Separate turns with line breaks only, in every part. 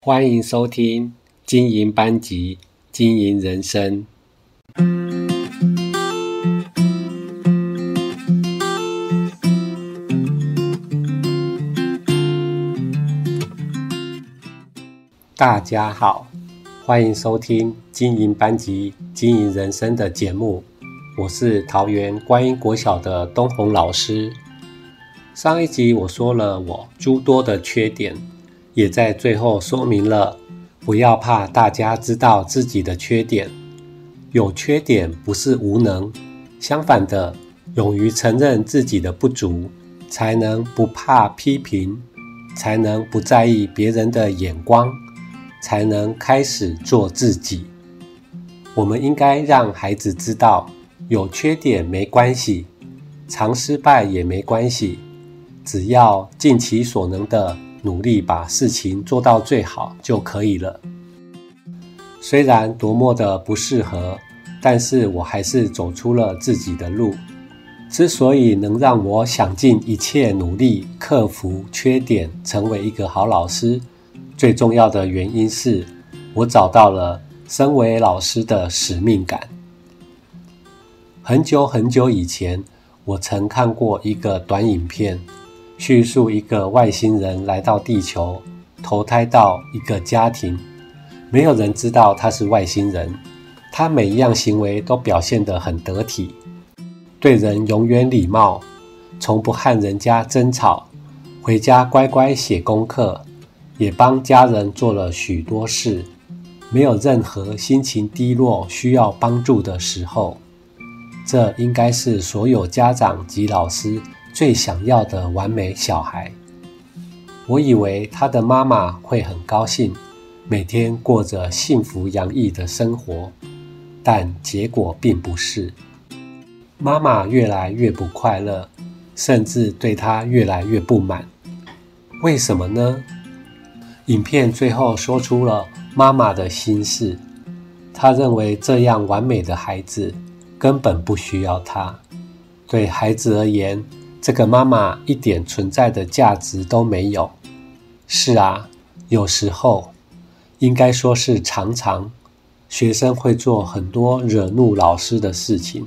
歡迎收聽《經營班級，經營人生》。大家好，歡迎收聽《經營班級，經營人生》的節目。我是桃園觀音國小的東紅老師。上一集我說了我諸多的缺點。也在最後說明了，不要怕大家知道自己的缺點，有缺點不是無能，相反的，勇於承認自己的不足，才能不怕批評，才能不在意別人的眼光，才能開始做自己。我們應該讓孩子知道，有缺點沒關係，常失敗也沒關係，只要盡其所能的。努力把事情做到最好就可以了。雖然多麼的不適合，但是我還是走出了自己的路。之所以能讓我想盡一切努力克服缺點，成為一個好老師，最重要的原因是，我找到了身為老師的使命感。很久很久以前，我曾看過一個短影片。敘述一個外星人來到地球，投胎到一個家庭，沒有人知道他是外星人。他每一樣行為都表現得很得體，對人永遠禮貌，從不和人家爭吵。回家乖乖寫功課，也幫家人做了許多事，沒有任何心情低落、需要幫助的時候。這應該是所有家長及老師最想要的完美小孩，我以為他的媽媽會很高興，每天過着幸福洋溢的生活，但結果並不是。媽媽越來越不快樂，甚至對他越來越不滿。為什麼呢？影片最後說出了媽媽的心事，她認為這樣完美的孩子根本不需要她，對孩子而言。這個媽媽一點存在的價值都沒有。是啊，有時候，應該說是常常，學生會做很多惹怒老師的事情，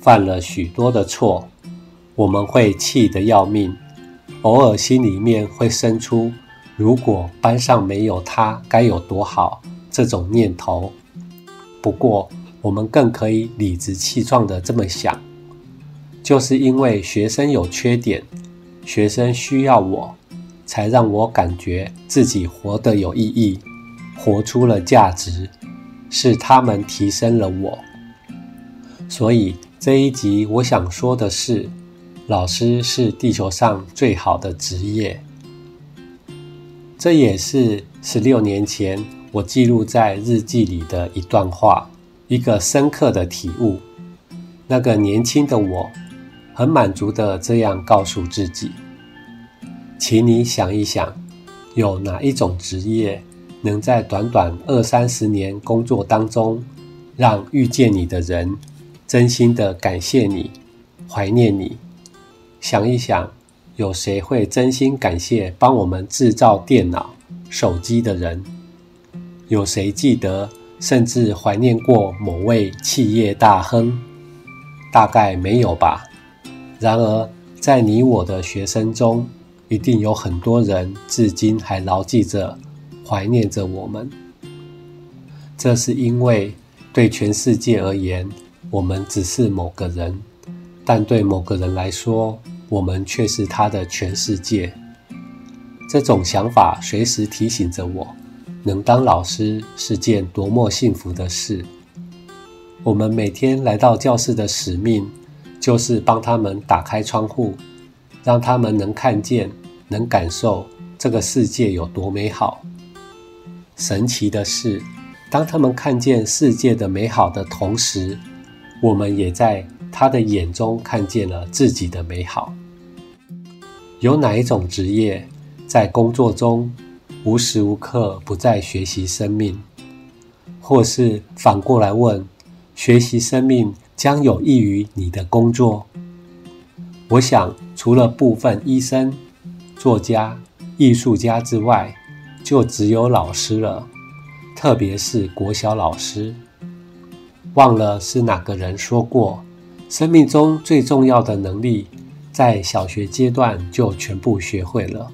犯了許多的錯，我們會氣得要命。偶爾心裡面會生出，如果班上沒有他該有多好，這種念頭。不過，我們更可以理直氣壯的這麼想。就是因為學生有缺點，學生需要我，才讓我感覺自己活得有意義，活出了價值，是他們提升了我。所以這一集我想說的是，老師是地球上最好的職業。這也是十六年前我記錄在日記裡的一段話，一個深刻的體悟。那個年輕的我。很滿足的這樣告訴自己，請你想一想，有哪一種職業能在短短二三十年工作當中，讓遇見你的人真心的感謝你、懷念你？想一想，有誰會真心感謝幫我們製造電腦、手機的人？有誰記得甚至懷念過某位企業大亨？大概沒有吧。然而，在你我的學生中，一定有很多人至今還牢記着、懷念着我們。這是因為，對全世界而言，我們只是某個人；但對某個人來說，我們卻是他的全世界。這種想法隨時提醒着我，能當老師是件多麼幸福的事。我們每天來到教室的使命，就是幫他們打開窗戶，讓他們能看見、能感受這個世界有多美好。神奇的是，當他們看見世界的美好的同時，我們也在他的眼中看見了自己的美好。有哪一種職業在工作中無時無刻不在學習生命，或是反過來問：學習生命？將有益於你的工作。我想，除了部分醫生、作家、藝術家之外，就只有老師了，特別是國小老師。忘了是哪個人說過，生命中最重要的能力，在小學階段就全部學會了。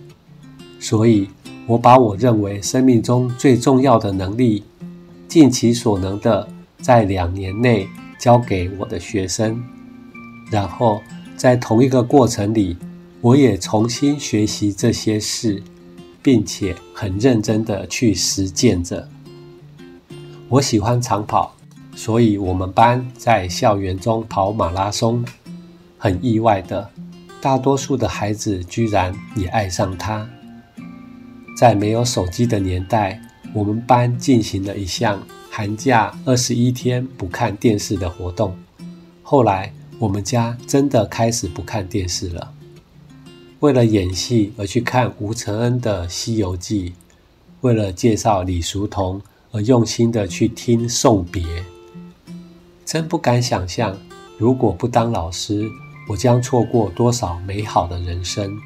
所以，我把我認為生命中最重要的能力，盡其所能的在兩年內。教給我的學生，然後在同一個過程裡，我也重新學習這些事，並且很認真的去實踐着。我喜歡長跑，所以我們班在校園中跑馬拉松。很意外的，大多數的孩子居然也愛上它。在沒有手機的年代，我們班進行了一項。寒假二十一天不看電視的活動，後來我們家真的開始不看電視了。為了演戲而去看吳承恩的《西遊記》，為了介紹李叔同而用心的去聽《送別》。真不敢想象，如果不當老師，我將錯過多少美好的人生。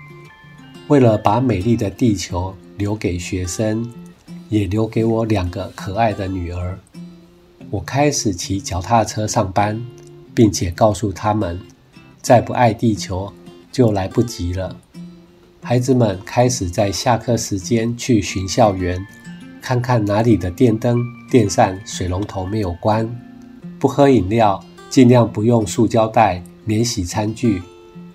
為了把美麗的地球留給學生。也留給我兩個可愛的女兒。我開始騎腳踏車上班，並且告訴他們：再不愛地球就來不及了。孩子們開始在下課時間去巡校園，看看哪裡的電燈、電扇、水龍頭沒有關。不喝飲料，盡量不用塑膠袋，免洗餐具。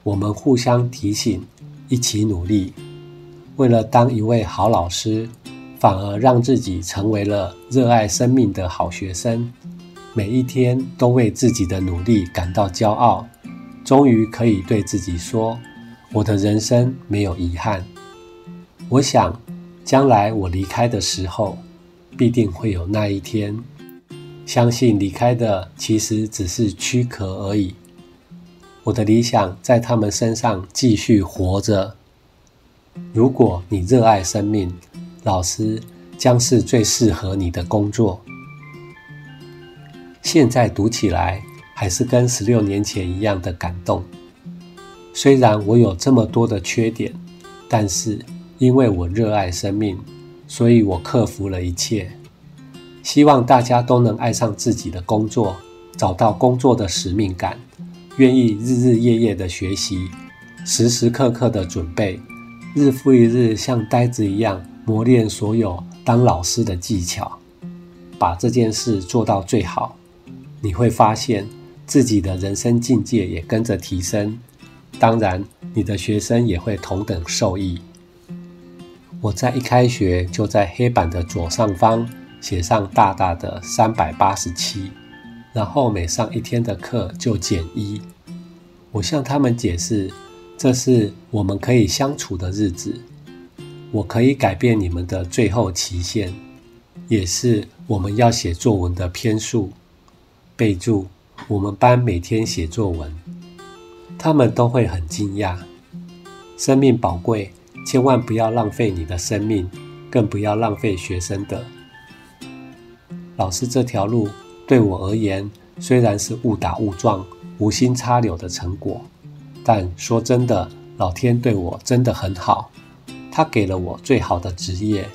我們互相提醒，一起努力。為了當一位好老師。反而讓自己成為了熱愛生命的好學生，每一天都為自己的努力感到驕傲，終於可以對自己說：“我的人生沒有遺憾。”我想，將來我離開的時候，必定會有那一天。相信離開的其實只是軀殼而已，我的理想在他們身上繼續活着。如果你熱愛生命，老師將是最適合你的工作。現在讀起來還是跟十六年前一樣的感動。雖然我有這麼多的缺點，但是因為我熱愛生命，所以我克服了一切。希望大家都能愛上自己的工作，找到工作的使命感，願意日日夜夜的學習，時時刻刻的準備，日復一日像呆子一樣。磨練所有當老師的技巧，把這件事做到最好，你會發現自己的人生境界也跟着提升。當然，你的學生也會同等受益。我在一開學就在黑板的左上方寫上大大的三百八十七，然後每上一天的課就減一。我向他們解釋，這是我們可以相處的日子。我可以改變你們的最後期限，也是我們要寫作文的篇數。備註：我們班每天寫作文，他們都會很驚訝。生命寶貴，千萬不要浪費你的生命，更不要浪費學生的。老師這條路對我而言，雖然是誤打誤撞、無心插柳的成果，但說真的，老天對我真的很好。他給了我最好的職業，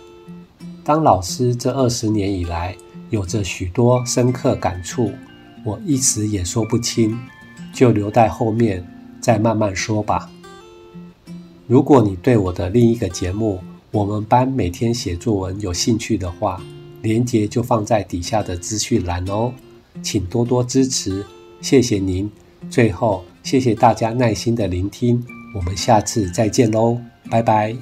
當老師這二十年以來，有着許多深刻感觸，我一時也說不清，就留在後面再慢慢說吧。如果你對我的另一個節目《我們班每天寫作文》有興趣的話，鏈接就放在底下的資訊欄哦，請多多支持，謝謝您。最後，謝謝大家耐心的聆聽，我們下次再見嘍，拜拜。